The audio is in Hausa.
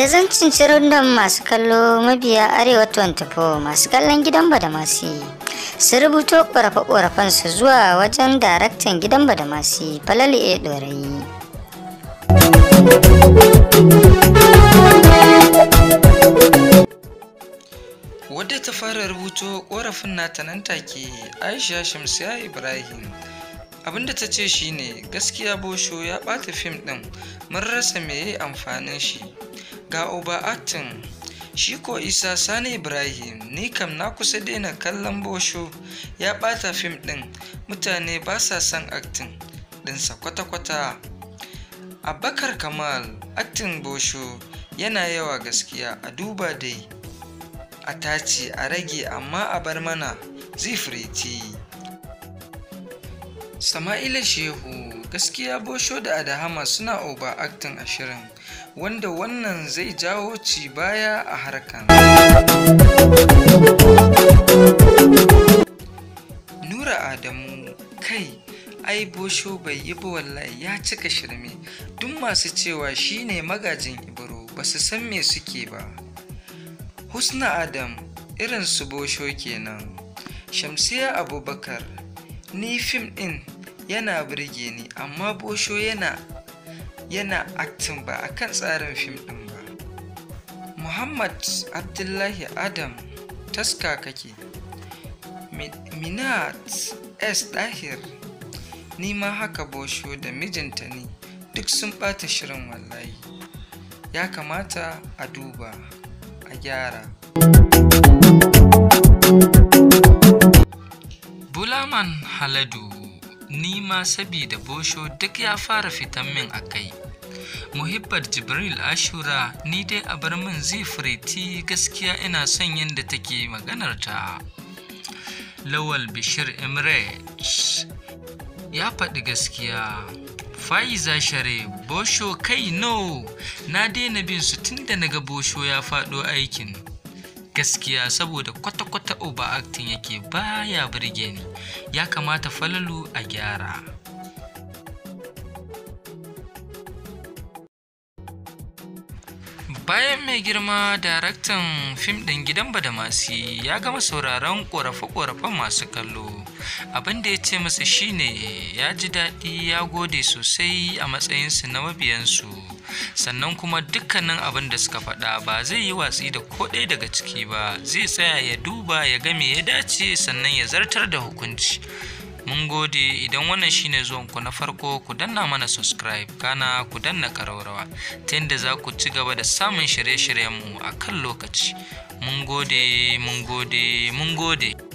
da zancin cirundun masu kallo mabiya arewa 24 masu kallon gidan badamasi su rubuto ƙorafe su zuwa wajen daraktan gidan badamasi falali a ɗorayi wadda ta fara rubuto ƙorafin nata nan take aisha shamsiya ibrahim abinda ta ce shine gaskiya bosho ya ɓata fim ɗin mun rasa meye amfanin shi ga Oba Shi ko Isa Sani Ibrahim, ni kam na kusa daina kallon bosho ya ɓata fim ɗin, mutane ba sa son aktin ɗinsa kwata-kwata. Abakar Kamal, aktin bosho yana yawa gaskiya a duba dai, a taci a rage amma a bar mana zifriti Sama'ila Shehu gaskiya bosho da adahama suna oba a ashirin, wanda wannan zai jawo ci baya a harkan nura adamu kai ai bosho bai yi ba ya cika shirme duk masu cewa shine magajin ibro ba su san me suke ba husna adam irin su bosho kenan shamsiya abubakar ni fim din. yana birge ni amma bosho yana yana aktin ba a kan tsarin fim ɗin ba muhammad abdullahi adam taska kake minat s ɗahir ni ma haka bosho da mijinta ne duk sun ɓata shirin wallahi ya kamata a duba a gyara bulaman haladu ni ma sabida bosho duk ya fara fitan min a kai muhibbar jibril ashura ni dai a bar min zifiriti gaskiya ina son yadda take maganar ta lawal bishir imre ya faɗi gaskiya fa'iza share bosho kai no na daina bin su tun da bosho ya faɗo aikin gaskiya saboda kwata-kwata aktin yake baya birge ni ya kamata falalu a gyara bayan mai girma daraktan fim ɗin gidan badamasi ya gama sauraron ƙorafe-ƙorafen masu kallo abin da ya ce masa shine ya ji daɗi ya gode sosai a matsayinsu na mabiyansu sannan kuma dukkanin abin da suka faɗa ba zai yi watsi da ko ɗaya daga ciki ba zai tsaya ya duba ya game ya dace sannan ya zartar da hukunci Mun gode idan wannan shine zuwanku na farko ku danna mana subscribe kana ku danna karawarwa ta yadda za ku ci gaba da samun shirye-shiryenmu a kan lokaci. Mun gode, mun gode, mun gode.